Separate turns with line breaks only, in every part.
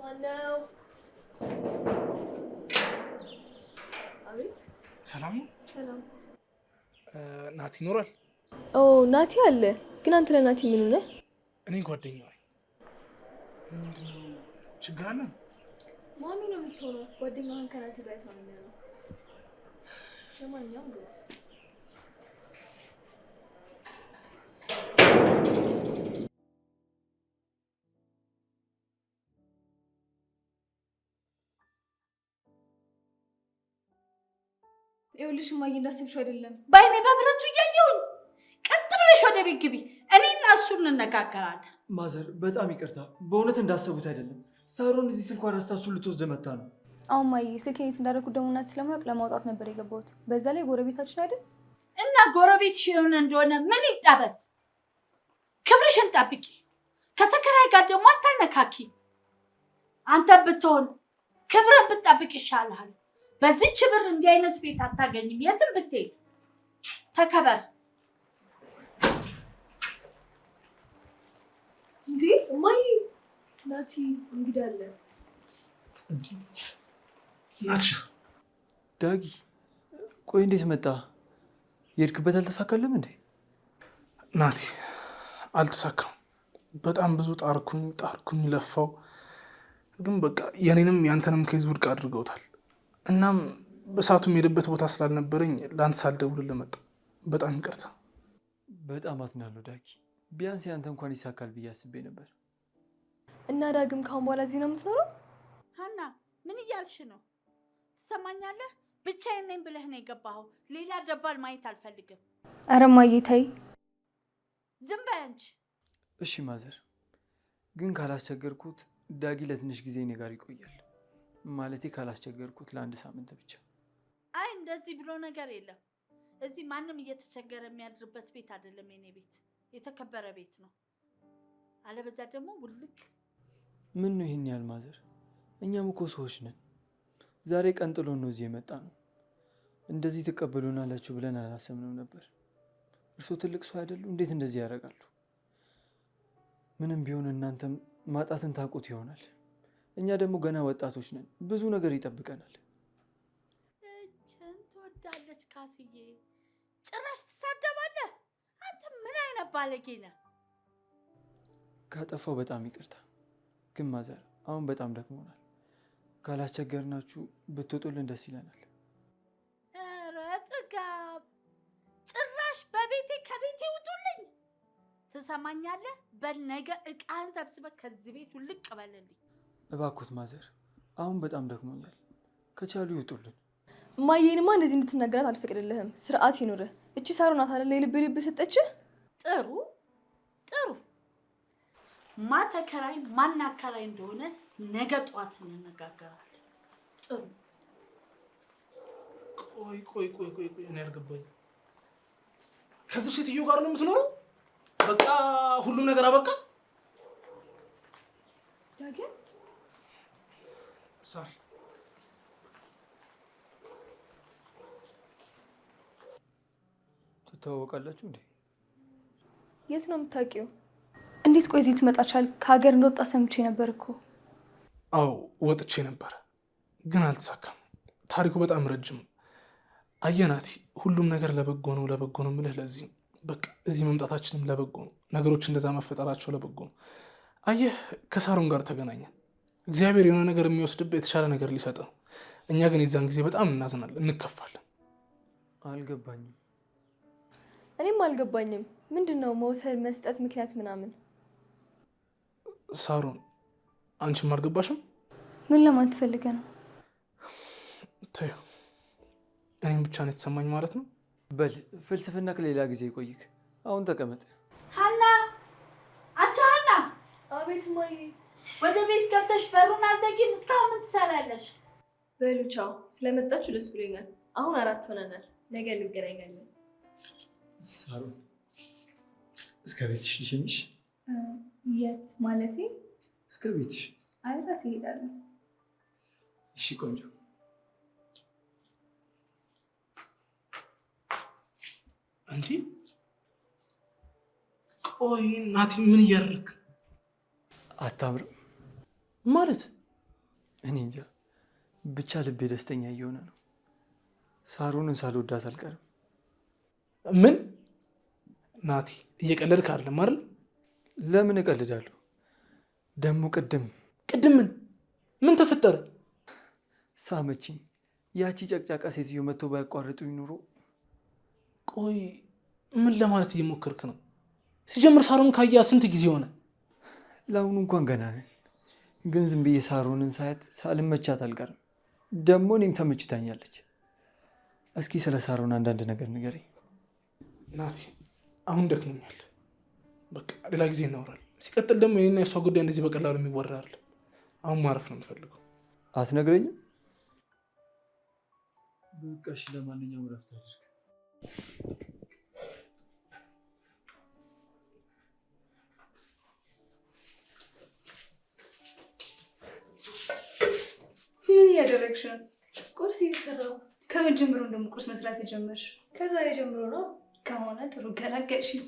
ማነው?
አቤት። ሰላም ነው? ሰላም። ናቲ ይኖራል? ኦ ናቲ አለ። ግን አንተ ለናቲ ምን ነህ?
እኔ ጓደኛው ችግር አለ?
ማሚ ነው የምትሆነው። ከናቲ ጋር ለማንኛውም ይኸውልሽ እማዬ እንዳስብሽው አይደለም።
በአይኔ በብረቱ እያየሁኝ ቀጥ ብለሽ ወደ ቤት ግቢ። እኔ እና እንነጋገራለን።
ማዘር በጣም ይቅርታ፣ በእውነት እንዳሰቡት አይደለም። ሳሮን እዚህ ስልኳን ረስታ እሱን ልትወስድ መታ ነው።
አሁን እማዬ ስልኬን የት እንዳደረኩት ደግሞ እናት ስለማያውቅ ለማውጣት ነበር የገባሁት። በዛ ላይ ጎረቤታችን አይደል
እና ጎረቤት የሆነ እንደሆነ ምን ይጠበስ። ክብርሽን ጠብቂ። ከተከራይ ጋር ደግሞ አታነካኪ። አንተ ብትሆን ክብርን ብትጠብቅ ይሻልሃል። በዚች ብር እንዲህ አይነት ቤት አታገኝም። የትም ብትሄድ ተከበር።
እንዴ እማዬ፣ ናቲ እንግዳ አለ።
ናትሻ፣
ዳጊ፣ ቆይ እንዴት መጣ? የሄድክበት አልተሳከልም እንዴ?
ናቲ፣ አልተሳካም። በጣም ብዙ ጣርኩኝ ጣርኩኝ፣ ለፋው፣ ግን በቃ የኔንም ያንተንም ከይዝ ውድቅ አድርገውታል። እናም እሳቱ የሄደበት ቦታ ስላልነበረኝ ለአንተ ሳልደውልልህ መጣሁ። በጣም ይቅርታ።
በጣም አዝናለሁ ዳጊ። ቢያንስ ያንተ እንኳን ይሳካል ብዬ አስቤ ነበር።
እና ዳግም ካሁን በኋላ እዚህ ነው የምትኖረው?
ሀና ምን እያልሽ ነው? ትሰማኛለህ? ብቻዬን ነኝ ብለህ ነው የገባኸው። ሌላ ደባል ማየት አልፈልግም።
ኧረ እማዬ ተይ፣
ዝም በይ አንቺ።
እሺ ማዘር፣ ግን ካላስቸገርኩት ዳጊ ለትንሽ ጊዜ እኔ ጋር ይቆያል። ማለት ካላስቸገርኩት ለአንድ ሳምንት ብቻ።
አይ እንደዚህ ብሎ ነገር የለም። እዚህ ማንም እየተቸገረ የሚያድርበት ቤት አይደለም። የኔ ቤት የተከበረ ቤት ነው። አለበዛ ደግሞ ውልቅ።
ምን ነው ይህን ያህል ማዘር? እኛም እኮ ሰዎች ነን። ዛሬ ቀን ጥሎ ነው እዚህ የመጣ ነው። እንደዚህ ትቀበሉናላችሁ ብለን አላሰብንም ነበር። እርስዎ ትልቅ ሰው አይደሉ? እንዴት እንደዚህ ያደርጋሉ? ምንም ቢሆን እናንተም ማጣትን ታውቁት ይሆናል። እኛ ደግሞ ገና ወጣቶች ነን፣ ብዙ ነገር ይጠብቀናል።
እችን ትወዳለች ካስዬ፣ ጭራሽ ትሳደባለህ። አንተ ምን አይነት ባለጌ ነህ?
ካጠፋው በጣም ይቅርታ። ግን ማዘር፣ አሁን በጣም ደክሞናል። ካላስቸገርናችሁ ብትወጡልን ደስ ይለናል።
ኧረ ጥጋብ! ጭራሽ በቤቴ ከቤቴ ውጡልኝ። ትሰማኛለህ? በል ነገ ዕቃህን ከዚህ ቤት ውልቅ በልልኝ።
እባኩት ማዘር፣ አሁን በጣም ደክሞኛል። ከቻሉ ይውጡልን።
እማዬንማ እንደዚህ እንድትናገራት አልፈቅድልህም። ስርዓት ይኑር። እቺ ሳሮናት አለ የልብ ልብ ስጠች።
ጥሩ ጥሩ። ማን ተከራይ ማን አከራይ እንደሆነ ነገ ጠዋት እንነጋገራለን። ጥሩ።
ቆይ ቆይ ቆይ ቆይ ቆይ፣ እኔ አልገባኝም። ከዚህ ሴትዮ ጋር ነው የምትኖረው? በቃ ሁሉም ነገር አበቃ ዳግም Sar.
ትተዋወቃላችሁ እንዴ?
የት ነው የምታውቂው? እንዴት ቆይ እዚህ ትመጣችል? ከሀገር እንደወጣ ሰምቼ ነበር እኮ።
አዎ ወጥቼ ነበር ግን አልተሳካም። ታሪኩ በጣም ረጅም። አየናቲ፣ ሁሉም ነገር ለበጎ ነው ለበጎ ነው ምልህ ለዚህ በቃ እዚህ መምጣታችንም ለበጎ ነው። ነገሮች እንደዛ መፈጠራቸው ለበጎ ነው። አየህ፣ ከሳሮን ጋር ተገናኘን። እግዚአብሔር የሆነ ነገር የሚወስድብህ የተሻለ ነገር ሊሰጥ ነው። እኛ ግን የዛን ጊዜ በጣም እናዝናለን፣ እንከፋለን።
አልገባኝም።
እኔም አልገባኝም። ምንድን ነው መውሰድ መስጠት ምክንያት ምናምን?
ሳሮን አንቺም አልገባሽም?
ምን ለማለት ነው?
ተይው፣ እኔም ብቻ ነው የተሰማኝ ማለት ነው።
በል ፍልስፍና ከሌላ ጊዜ ይቆይክ። አሁን ተቀመጠ።
ሀና አንቺ ሀና! አቤት ወደ ቤት ገብተሽ በሩን አዘጊም። እስካሁን ምን ትሰራለሽ?
በሉ ቻው። ስለመጣችሁ ደስ ብሎኛል። አሁን አራት ሆነናል። ነገ እንገናኛለን።
ሳሮን እስከ ቤትሽ ልሸኝሽ።
የት ማለቴ? እስከ ቤትሽ። አይ እራሴ እሄዳለሁ።
እሺ ቆንጆ
እንዴ ቆይ፣ ናቲ ምን እያደረግህ አታምርም? ማለት
እኔ እንጃ ብቻ ልቤ ደስተኛ እየሆነ ነው። ሳሩንን ሳልወዳት አልቀርም።
ምን ናቲ እየቀለድክ አይደለም አይደል?
ለምን እቀልዳለሁ? ደግሞ ቅድም
ቅድም ምን ምን ተፈጠረ?
ሳመችኝ። ያቺ ጨቅጫቃ ሴትዮ መጥቶ ባያቋርጡኝ ኑሮ።
ቆይ ምን ለማለት እየሞከርክ ነው? ሲጀምር ሳሩን ካያ ስንት ጊዜ ሆነ?
ለአሁኑ እንኳን ገና ነን። ግን ዝም ብዬ ሳሩንን ሳያት ሳልመቻት አልቀርም። ደግሞ እኔም ተመችታኛለች። እስኪ ስለ ሳሩን አንዳንድ ነገር ንገረኝ
ናቲ። አሁን ደክሞኛል፣ በቃ ሌላ ጊዜ እናወራለን። ሲቀጥል ደግሞ የኔና የእሷ ጉዳይ እንደዚህ በቀላሉ የሚወራ አይደለም። አሁን ማረፍ ነው የምፈልገው።
አትነግረኝም? በቃ እሺ፣ ለማንኛውም
ምን እያደረግሽ ነው? ቁርስ እየሰራሁ። ከምን ጀምሮ እንደውም ቁርስ መስራት የጀመርሽ? ከዛሬ ጀምሮ ነው። ከሆነ ጥሩ ገላገልሽኝ።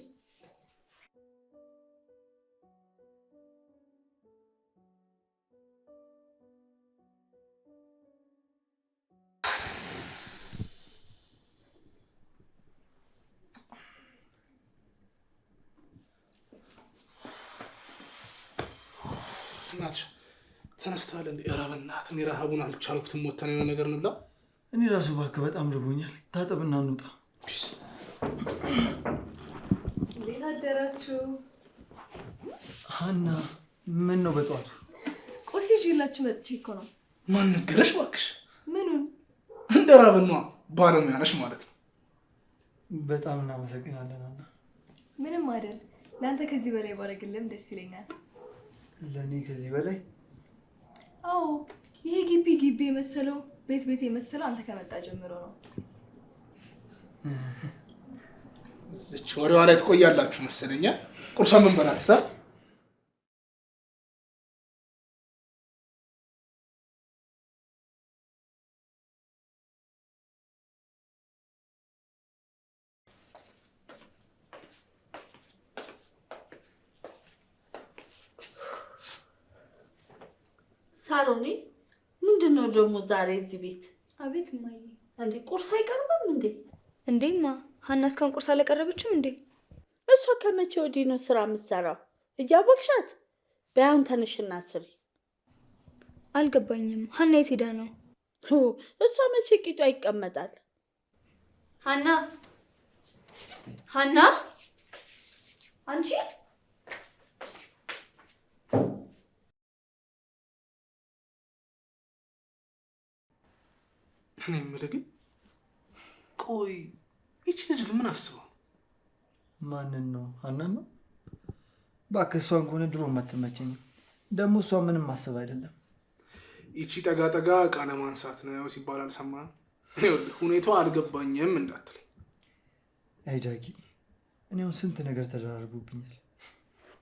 ይመስላል እንዴ? ኧረ በእናትህ ረሃቡን አልቻልኩትም። ወተን የሆነ ነገር እንብላ።
እኔ ራሱ እባክህ በጣም ርቦኛል። ታጠብና እንውጣ።
እንዴት አደራችሁ?
ሀና ምን ነው በጠዋቱ
ቁርስ ይዤላችሁ መጥቼ እኮ ነው።
ማን ነገረሽ እባክሽ? ምኑን? እንደ ራብኗ ባለሙያ ነሽ ማለት ነው።
በጣም እናመሰግናለን ሀና።
ምንም አይደል። ለአንተ ከዚህ በላይ ባረግልም ደስ ይለኛል።
ለእኔ ከዚህ በላይ
አዎ ይሄ ግቢ ግቢ የመሰለው ቤት ቤት የመሰለው አንተ ከመጣ ጀምሮ ነው።
እዚች ወሬዋ ላይ ትቆያላችሁ መሰለኛ። ቁርሷን ምን በላት
ሳሎኔ ምንድን ነው ደግሞ ዛሬ እዚህ ቤት? አቤት እማዬ። እንዴ ቁርስ አይቀርብም እንዴ?
እንዴማ ሀና እስካሁን ቁርስ አላቀረበችም እንዴ?
እሷ ከመቼ ወዲህ ነው ስራ የምትሰራው? እያቦቅሻት በያሁን ተንሽና ስሪ።
አልገባኝም። ሀና የት ሄዳ ነው?
እሷ መቼ ቂጧ ይቀመጣል? ሀና ሀና አንቺ
እኔ የምልህ ግን ቆይ ይቺ ልጅ ግን ምን አስበው?
ማንን ነው? ሀናን ነው? እባክህ እሷን ከሆነ ድሮ አትመቸኝም። ደግሞ እሷ ምንም ማሰብ አይደለም።
ይቺ ጠጋ ጠጋ ዕቃ ለማንሳት ነው ሲባል አልሰማህም? ሁኔታው አልገባኝም እንዳትለኝ።
አይ ዳጊ፣ እኔ አሁን ስንት ነገር ተደራርጎብኛል?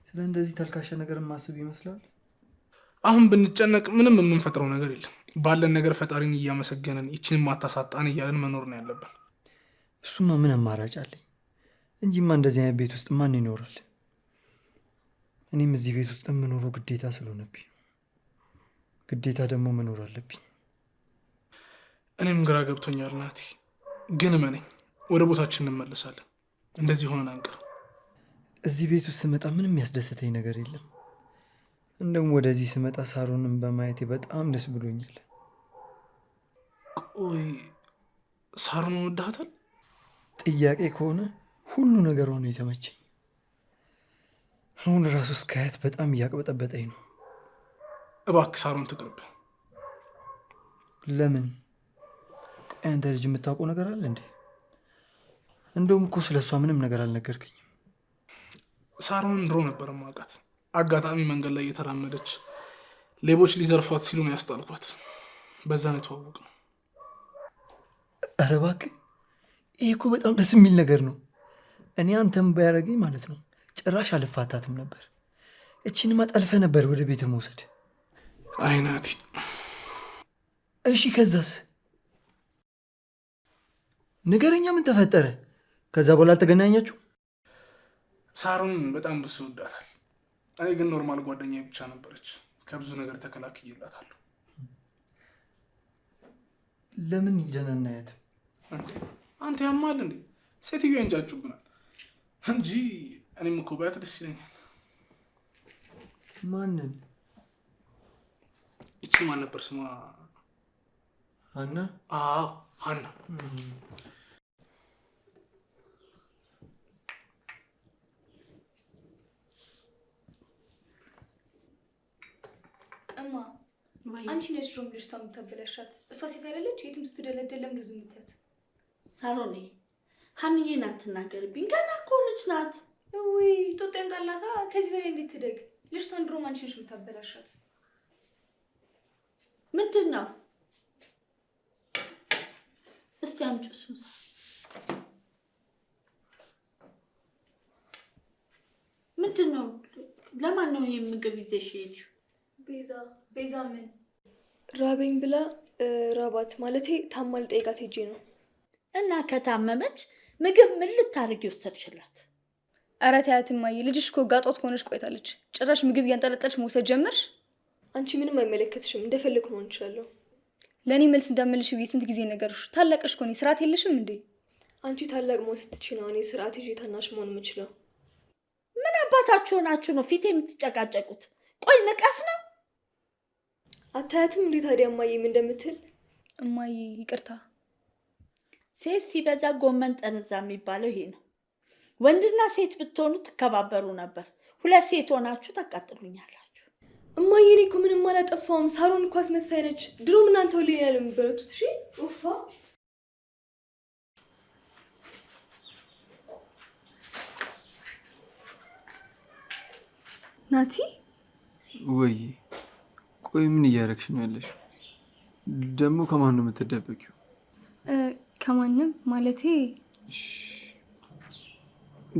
ስለ እንደዚህ ተልካሻ ነገር ማስብ ይመስላል።
አሁን ብንጨነቅ ምንም የምንፈጥረው ነገር የለም። ባለን ነገር ፈጣሪን እያመሰገንን ይችን ማታሳጣን እያለን መኖር ነው ያለብን።
እሱማ ምን አማራጭ አለኝ እንጂማ እንደዚህ አይነት ቤት ውስጥ ማን ይኖራል? እኔም እዚህ ቤት ውስጥ የምኖረው ግዴታ ስለሆነብኝ ግዴታ ደግሞ መኖር አለብኝ።
እኔም ግራ ገብቶኛል ናቲ፣ ግን መነኝ ወደ ቦታችን እንመለሳለን። እንደዚህ ሆነን አንቀር።
እዚህ ቤት ውስጥ ስመጣ ምንም ያስደሰተኝ ነገር የለም። እንደውም ወደዚህ ስመጣ ሳሮንን በማየቴ በጣም ደስ ብሎኛል።
ቆይ ሳሮን ወዳታል?
ጥያቄ ከሆነ ሁሉ ነገር ሆነ የተመቸኝ። አሁን ራሱ እስካያት በጣም እያቅበጠበጠኝ ነው።
እባክህ ሳሮን ትቅርብ።
ለምን? ቆይ አንተ ልጅ የምታውቀው ነገር አለ እንዴ? እንደውም እኮ ስለ እሷ ምንም ነገር አልነገርከኝም።
ሳሮን ድሮ ነበር ማውቃት አጋጣሚ መንገድ ላይ እየተራመደች ሌቦች ሊዘርፏት ሲሉ ነው ያስጣልኳት። የተዋወቅ ነው የተዋወቅነው።
ኧረ እባክህ ይህ እኮ በጣም ደስ የሚል ነገር ነው። እኔ አንተም ባያደርገኝ ማለት ነው ጭራሽ አልፋታትም ነበር። እችንማ ጠልፈህ ነበር ወደ ቤት መውሰድ። አይናቲ። እሺ ከዛስ ነገረኛ፣ ምን ተፈጠረ? ከዛ በኋላ አልተገናኛችሁ?
ሳሩን በጣም ብሱ ወዳታል እኔ ግን ኖርማል ጓደኛ ብቻ ነበረች። ከብዙ ነገር ተከላክዬላታለሁ።
ለምን ጀነናየት
አንተ ያማል እንዴ? ሴትዮ እንጫጩብናል እንጂ እኔም እኮ ባያት ደስ ይለኛል። ማንን? ይቺ ማን ነበር ስሟ? ሀና። አዎ ሀና
እማ አንቺ ነሽ ድሮም ልጅቷ የምታበላሻት። እሷ ሴት አይደለች የትም ስትደለደል ለምዶ ዝም ብትያት።
ሳሮኔ ሀንዬን አትናገርብኝ፣ ገና እኮ ልጅ ናት።
ውይ ጣላታ። ከዚህ በላይ እንዴት ትደግ? ልጅቷን ድሮም አንቺ ነሽ የምታበላሻት።
ምንድን ነው እስቲ አምጪ እሱን ምንድን ነው? ለማን ነው ምግብ ይዘሽ የሄድሽው?
ቤዛ ቤዛ ምን ራበኝ ብላ ራባት ማለቴ ታማል ጠይቃት ሄጄ ነው።
እና ከታመመች ምግብ ምን ልታደርግ ይወሰድሽላት?
ኧረ ተያት እማዬ፣ ልጅሽ እኮ ጋጦት ሆነሽ ቆይታለች። ጭራሽ ምግብ እያንጠለጠለች መውሰድ ጀመርሽ። አንቺ ምንም አይመለከትሽም፣ እንደፈልግ መሆን እችላለሁ። ለእኔ መልስ እንዳመልሽ ብዬ ስንት ጊዜ ነገርሽ። ታላቀሽ ኮኔ ስርዓት የለሽም እንዴ? አንቺ ታላቅ መሆን ስትች ነው እኔ ስርዓት ይዤ ታናሽ መሆን የምችለው።
ምን አባታችሁ ሆናችሁ ነው ፊት የምትጨቃጨቁት? ቆይ ንቀት ነው
አታያትም እንዴ ታዲያ እማዬም እንደምትል እማዬ ይቅርታ
ሴት ሲበዛ ጎመን ጠረዛ የሚባለው ይሄ ነው ወንድና ሴት ብትሆኑ ትከባበሩ ነበር ሁለት ሴት ሆናችሁ ታቃጥሉኛላችሁ
እማዬ እኔ እኮ ምንም አላጠፋሁም ሳሮን እኮ አስመሳይ ነች ድሮም እናንተ ሁሌ ያለ የሚበረቱት እሺ ኡፋ ናቲ
ወይ ቆይ ምን እያደረግሽ ነው ያለሽ? ደግሞ ከማን ነው የምትደበቂው?
ከማንም ማለቴ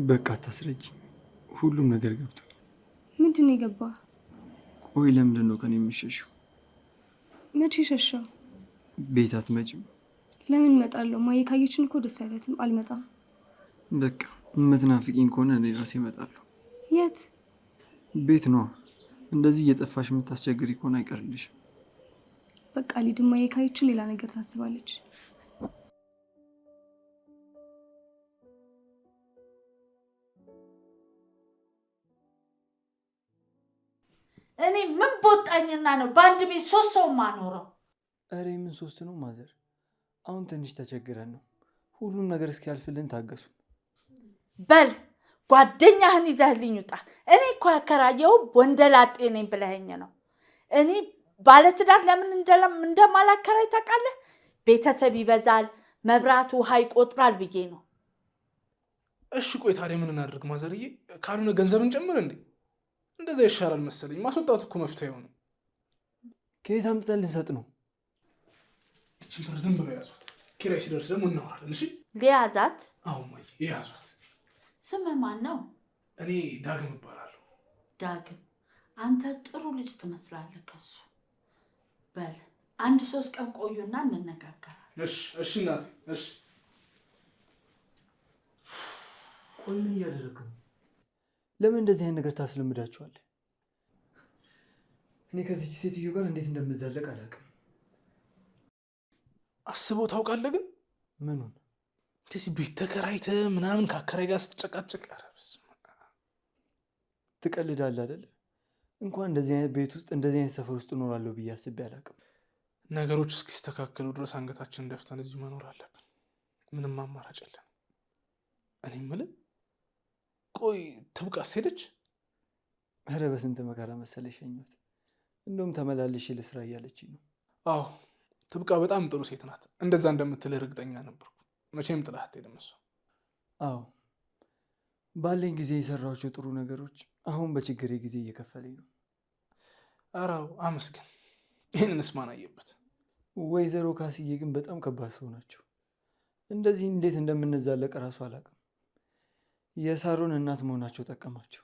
በቃ አታስረጅ። ሁሉም ነገር ገብቷል።
ምንድን ነው የገባ?
ቆይ ለምንድን ነው ከኔ የምሸሽው?
መቼ ሸሸው?
ቤት አትመጭም?
ለምን እመጣለሁ? ማየካየችን ካየችን እኮ ደስ አይለትም። አልመጣም።
በቃ የምትናፍቂኝ ከሆነ እኔ ራሴ እመጣለሁ። የት ቤት ነዋ እንደዚህ እየጠፋሽ የምታስቸግሪ ከሆነ አይቀርልሽ።
በቃ ሊድማ የካይችን ሌላ ነገር ታስባለች።
እኔ ምን በወጣኝና ነው በአንድ ቤት ሶስት ሰው ማኖረው?
እረ ምን ሶስት ነው ማዘር፣ አሁን ትንሽ ተቸግረን ነው። ሁሉም ነገር እስኪያልፍልን ታገሱ።
በል ጓደኛህን ይዘህልኝ ውጣ። እኔ እኮ ያከራየው ወንደላጤ ነኝ ብለኸኝ ነው። እኔ ባለትዳር ለምን እንደማላከራይ ታውቃለህ? ቤተሰብ ይበዛል፣ መብራት ውሃ ይቆጥራል ብዬ ነው።
እሺ ቆይ ታዲያ ምን እናደርግ? ማዘርዬ ካልሆነ ገንዘብን ጨምር እንዴ? እንደዛ ይሻላል መሰለኝ። ማስወጣቱ እኮ መፍትሄ ሆነ።
ከየት አምጥተን ልንሰጥ ነው?
እቺ ብር ዝም ብለው ያዟት። ኪራይ ሲደርስ ደግሞ እናወራለን። እሺ ሊያዛት? አዎ ማየ ያዟት
ስምህ ማን ነው?
እኔ ዳግም እባላለሁ።
ዳግም፣ አንተ ጥሩ ልጅ ትመስላለህ ከሱ። በል አንድ ሶስት ቀን ቆዩና እንነጋገራለን።
እሺ፣ እሺ እናቴ። እሺ።
ቆይ ምን እያደረግ ነው? ለምን እንደዚህ አይነት ነገር ታስለምዳቸዋለህ? እኔ ከዚች ሴትዮ ጋር እንዴት እንደምዘለቅ አላውቅም።
አስበው ታውቃለህ? ግን ምኑን እንደዚህ ቤት ተከራይተ ምናምን ከአከራይ ጋር ስትጨቃጨቅ
ትቀልዳለህ አይደለ? እንኳን እንደዚህ አይነት ቤት ውስጥ እንደዚህ አይነት ሰፈር ውስጥ እኖራለሁ ብዬ አስቤ አላውቅም።
ነገሮች እስኪስተካከሉ ድረስ አንገታችንን ደፍተን እዚሁ መኖር አለብን። ምንም አማራጭ የለም። እኔ የምልህ ቆይ ትብቃ ሄደች?
ኧረ በስንት መከራ መሰለ ሸኘት። እንደውም ተመላልሼ ልስራ እያለችኝ ነው።
አዎ ትብቃ በጣም ጥሩ ሴት ናት። እንደዛ እንደምትልህ እርግጠኛ ነበርኩ። መቼም ጥላህ አትሄድም
አዎ ባለኝ ጊዜ የሰራቸው ጥሩ ነገሮች አሁን በችግሬ ጊዜ እየከፈለኝ ነው።
አራው አመስግን። ይህንንስ ማን አየበት?
ወይዘሮ ካስዬ ግን በጣም ከባድ ሰው ናቸው። እንደዚህ እንዴት እንደምንዛለቅ እራሱ አላውቅም። የሳሮን እናት መሆናቸው ጠቀማቸው።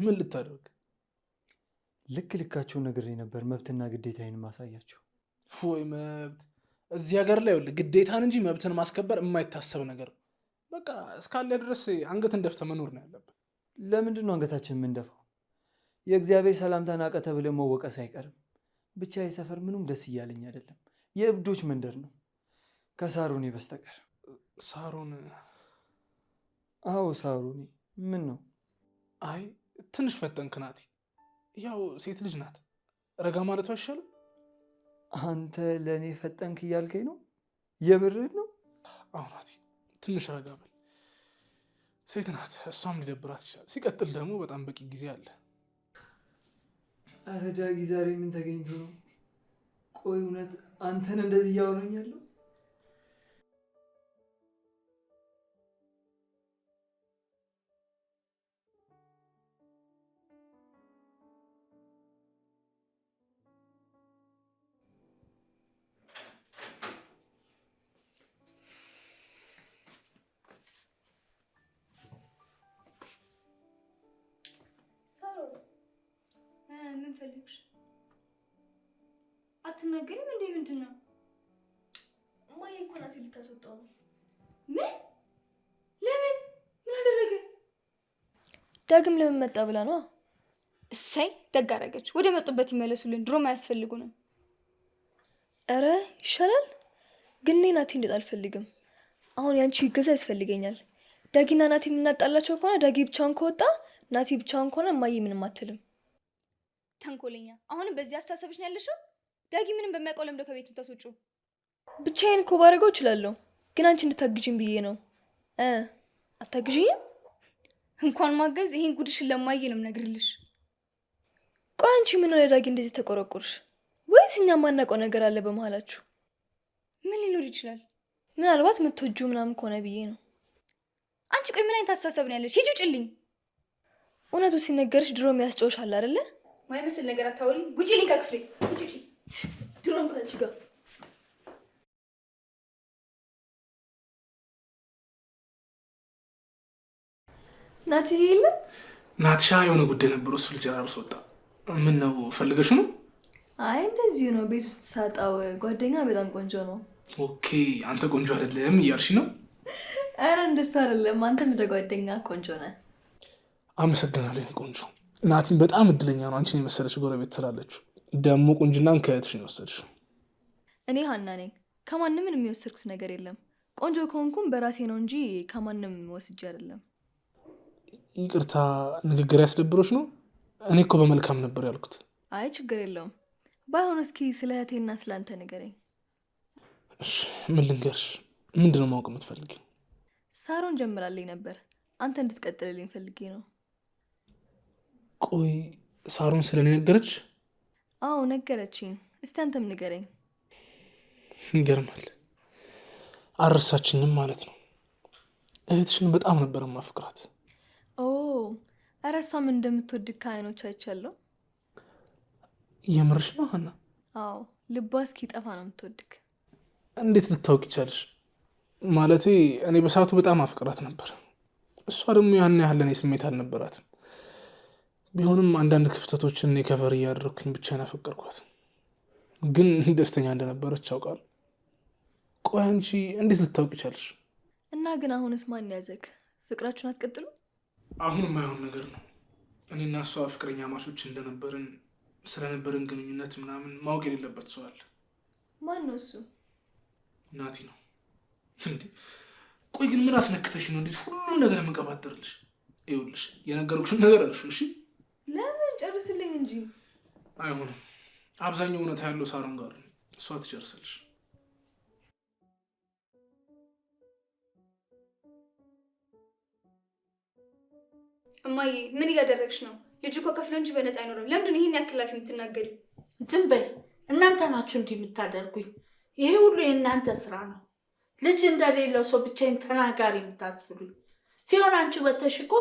ምን ልታደርግ
ልክ ልካቸው ነግሬ ነበር። መብትና ግዴታዬን ማሳያቸው
ወይ መብት እዚህ ሀገር ላይ ግዴታን እንጂ መብትን ማስከበር የማይታሰብ ነገር በቃ እስካለ ድረስ አንገትን ደፍተ መኖር ነው ያለብን።
ለምንድን ነው አንገታችን የምንደፋው? የእግዚአብሔር ሰላምታ ናቀ ተብለ መወቀስ አይቀርም። ብቻ የሰፈር ምኑም ደስ እያለኝ አይደለም። የእብዶች መንደር ነው ከሳሩኔ በስተቀር። ሳሩን? አዎ ሳሮኔ። ምን ነው?
አይ ትንሽ ፈጠንክ ናቲ። ያው ሴት ልጅ ናት፣ ረጋ ማለቱ አይሻልም?
አንተ ለእኔ ፈጠንክ እያልከኝ ነው? የምርህን ነው?
አውራቲ ትንሽ ረጋ በል። ሴት ናት፣ እሷም ሊደብራት ይችላል። ሲቀጥል ደግሞ በጣም በቂ ጊዜ አለ።
አረ ዳጊ ዛሬ ምን ተገኝቶ ነው? ቆይ እውነት አንተን እንደዚህ እያወራኝ ያለው
አትናገሪም እንዴ? ምንድን ነው እማዬ እኮ ናት ልታስወጣው ነው። ምን? ለምን? ምን አደረገ? ዳግም ለምን መጣ ብላ ነው። እሰይ ደግ አደረገች። ወደ መጡበት ይመለሱልን። ድሮም አያስፈልጉንም። እረ ይሻላል። ግን እኔ ናቲ እንድጣ አልፈልግም። አሁን ያንቺ እገዛ ያስፈልገኛል። ዳጊና ናቲ የምናጣላቸው ከሆነ ዳጊ ብቻውን ከወጣ ናቲ ብቻውን ከሆነ እማዬ ምንም አትልም። ተንኮለኛ! አሁንም በዚህ አስተሳሰብሽ ነው ያለሽው? ዳጊ ምንም በሚያውቀው ለምዶ ከቤት ተስውጩ። ብቻዬን እኮ ባደርገው እችላለሁ፣ ግን አንቺ እንድታግዥኝ ብዬ ነው። አታግዥኝም? እንኳን ማገዝ ይሄን ጉድሽን ለማየ ነው ነግርልሽ። ቆይ አንቺ ምን ሆነ ዳጊ እንደዚህ ተቆረቆርሽ? ወይስ እኛ የማናውቀው ነገር አለ በመሀላችሁ? ምን ሊኖር ይችላል? ምናልባት ምትወጁ ምናምን ከሆነ ብዬ ነው። አንቺ ቆይ ምን አይነት አስተሳሰብ ነው ያለሽ? ሂጂ ውጭልኝ። እውነቱ ሲነገርሽ ድሮ የሚያስጨውሽ አለ አይደለ? ማይመስል ነገር አታውሪ። ውጭልኝ ከክፍሌ ውጭ ድሮም ከአንቺ ጋር ናትዬ የለም።
ናትሻ የሆነ ጉዳይ ነበር፣ እሱ ልጅ አራርሶ ወጣ። ምን ነው ፈልገሽ ነው?
አይ እንደዚሁ ነው፣ ቤት ውስጥ ሳጣው። ጓደኛ በጣም ቆንጆ ነው።
ኦኬ አንተ ቆንጆ አይደለም እያልሽ ነው?
ኧረ እንደሱ አይደለም። አንተም ምደ ጓደኛ ቆንጆ ነህ።
አመሰግናለሁ። ቆንጆ ናቲን በጣም እድለኛ ነው፣ አንቺን የመሰለች ጎረቤት ስላለችው ደሞ ቁንጅናን ከየትሽ ነው የወሰድሽ?
እኔ ሀና ነኝ። ከማንም ምንም የሚወሰድኩት ነገር የለም። ቆንጆ ከሆንኩም በራሴ ነው እንጂ ከማንም ወስጄ አይደለም።
ይቅርታ፣ ንግግር ያስደብሮች ነው? እኔ እኮ በመልካም ነበር ያልኩት።
አይ ችግር የለውም። ባይሆን እስኪ ስለ እህቴና ስለ አንተ ንገረኝ።
እሺ፣ ምን ልንገርሽ? ምንድን ነው ማወቅ የምትፈልጊ?
ሳሮን ጀምራልኝ ነበር፣ አንተ እንድትቀጥልልኝ ፈልጌ ነው።
ቆይ ሳሮን ስለኔ ነገረች?
አዎ ነገረችኝ። እስቲ አንተም ንገረኝ።
ይገርማል። አረሳችኝም ማለት ነው። እህትሽን በጣም ነበር ማፍቅራት።
ኦ እረሷም እንደምትወድ ከአይኖች አይቻለሁ።
የምርሽ ነው ሀና?
አዎ ልቧ እስኪ ጠፋ ነው የምትወድክ።
እንዴት ልታወቅ ይቻልሽ? ማለቴ እኔ በሰዓቱ በጣም አፍቅራት ነበር፣ እሷ ደግሞ ያን ያህል እኔ ስሜት አልነበራትም። ቢሆንም አንዳንድ ክፍተቶችን እኔ ከቨር እያደረግኩኝ ብቻ አፈቀርኳት። ግን ደስተኛ እንደነበረች ያውቃል። ቆይ አንቺ እንዴት ልታውቅ ይቻልሽ?
እና ግን አሁንስ ማን ያዘግ? ፍቅራችሁን አትቀጥሉ?
አሁን አይሆን ነገር ነው። እኔና እሷ ፍቅረኛ ማቾች እንደነበርን ስለነበርን ግንኙነት ምናምን ማወቅ የሌለበት ሰው አለ። ማን ነው እሱ? ናቲ ነው። ቆይ ግን ምን አስነክተሽ ነው እንዴት ሁሉም ነገር የምንቀባጥርልሽ? ይኸውልሽ የነገርኩሽን ነገር እሺ
ጨርስልኝ እንጂ።
አይሆንም። አብዛኛው እውነታ ያለው ሳሮን ጋር እሷ ትጨርሰልሽ።
እማዬ ምን እያደረግሽ ነው? ልጁ እኮ ከፍሎ እንጂ በነፃ አይኖርም። ለምንድን ይህን ያክል አፍ የምትናገሪ?
ዝም በይ። እናንተ ናችሁ እንዲህ የምታደርጉኝ። ይሄ ሁሉ የእናንተ ስራ ነው። ልጅ እንደሌለው ሰው ብቻዬን ተናጋሪ የምታስብሉኝ ሲሆን አንቺ በተሽኮ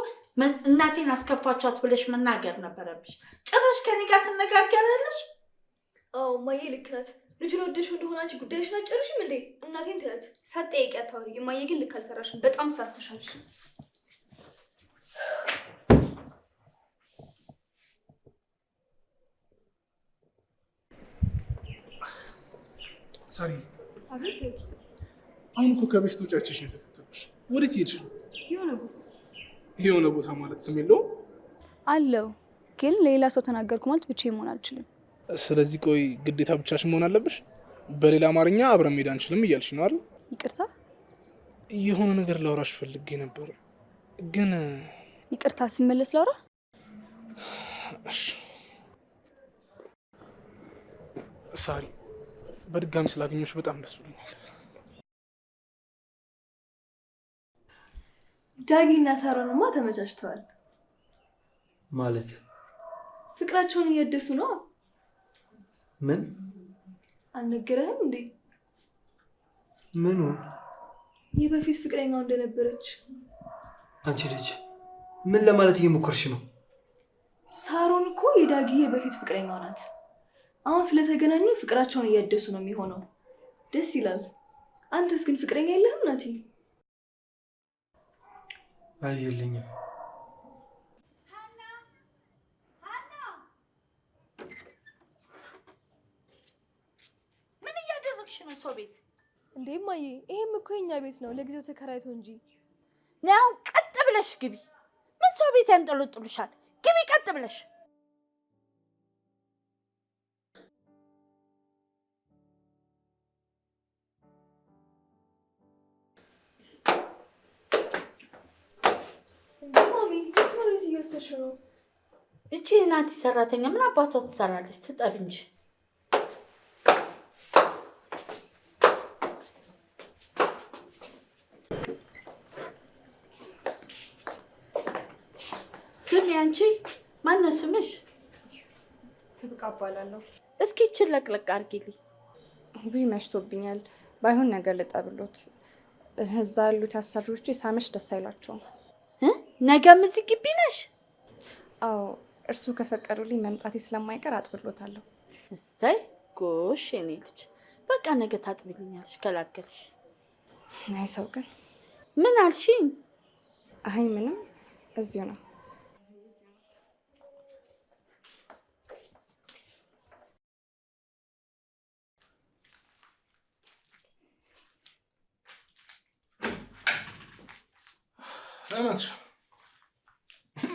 እናቴን አስከፋችኋት ብለሽ መናገር ነበረብሽ። ጭራሽ ከኔ ጋር ትነጋገራለሽ።
አዎ እማዬ ልክ ናት። ልጁን ወደድሽው እንደሆነ አንቺ ጉዳይሽን አትጨርሽም እንዴ? እናቴን ትለት ሳትጠይቂ አታውሪ። እማዬ ግን ልክ አልሰራሽም። በጣም ሳስተሻልሽ
ሳሪ አሁን እኮ ከበሽታው ጫጭሽ ነው የተከተሉሽ። ወዴት ሄድሽ ነው? የሆነ ቦታ የሆነ ቦታ ማለት ስም የለውም
አለው። ግን ሌላ ሰው ተናገርኩ ማለት ብቻ መሆን አልችልም።
ስለዚህ ቆይ ግዴታ ብቻሽን መሆን አለብሽ? በሌላ አማርኛ አብረን መሄድ አንችልም እያልሽ ነው አይደል? ይቅርታ፣ የሆነ ነገር ላውራሽ ፈልጌ ነበር፣ ግን
ይቅርታ፣ ስመለስ ላውራ።
ሳሪ፣ በድጋሚ ስላገኘሁሽ በጣም ደስ ብሎኛል።
ዳጊና ሳሮንማ ተመቻችተዋል። ማለት ፍቅራቸውን እያደሱ ነው። ምን አልነገረህም እንዴ? ምኑ? ይህ በፊት ፍቅረኛው እንደነበረች።
አንቺ ልጅ ምን ለማለት እየሞከርሽ ነው?
ሳሮን እኮ የዳጊ የበፊት ፍቅረኛው ናት። አሁን ስለተገናኙ ፍቅራቸውን እያደሱ ነው የሚሆነው። ደስ ይላል። አንተስ ግን ፍቅረኛ የለህም ናቲ?
አየልኝም።
ምን እያደረግሽ ነው ሰው ቤት?
እንዴ እማዬ፣ ይሄም እኮ የኛ ቤት ነው ለጊዜው ተከራይቶ እንጂ።
ቀጥ ብለሽ ግቢ። ምን ሰው ቤት ያንጠለጥሉሻል? ግቢ ቀጥ ብለሽ
ማሚ ሰሪት እየወሰድሽ ነው።
እቺ እናት ሰራተኛ ምን አባቷ ትሰራለች? ትጠብ እንጂ ስሚ። አንቺ ማነው ስምሽ?
ትብቃ እባላለሁ።
እስኪ ችን ለቅለቅ አድርጊልኝ።
ውይ መሽቶብኛል። ባይሆን ነገር ልጠብሎት። እዛ ያሉት አሰሪዎቹ ሳመሽ ደስ አይሏቸውም።
ነገም እዚህ ግቢ ነሽ?
አዎ፣ እርሱ ከፈቀዱልኝ መምጣቴ ስለማይቀር አጥብሎታለሁ።
እሰይ ጎሽ፣ የኔ ልጅ በቃ ነገ ታጥብልኛለሽ፣ ከላከልሽ። ናይ ሰው ግን ምን አልሽኝ?
አይ ምንም፣ እዚሁ ነው።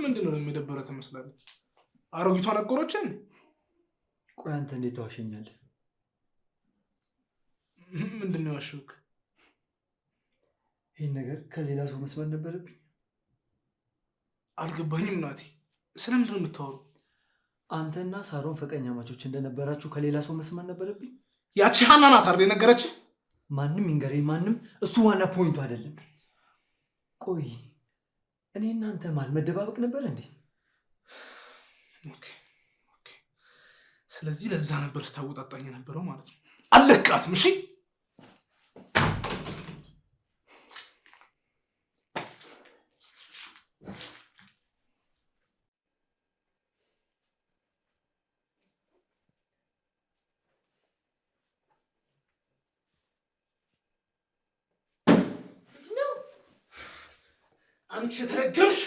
ምንድን ነው የሚደበረ ትመስላለች። አሮጊቷ ነገሮችን
ቆይ፣ አንተ እንዴት ተዋሸኛለህ?
ምንድነው ነው ያሸውክ?
ይህን ነገር ከሌላ ሰው መስማት ነበረብኝ።
አልገባኝም ናቲ፣ ስለምንድን ነው የምታወሩ?
አንተና ሳሮን ፈቀኛ ማቾች እንደነበራችሁ ከሌላ ሰው መስማት ነበረብኝ።
ያቺ ሀና ናት አይደል የነገረች?
ማንም ይንገረኝ ማንም፣ እሱ ዋና ፖይንቱ አይደለም። ቆይ እኔ እናንተ ማል መደባበቅ ነበር እንዴ?
ስለዚህ ለዛ ነበር ስታወጣጣኝ የነበረው ማለት ነው። አለቃትም። እሺ አንቺ የተረገምሽ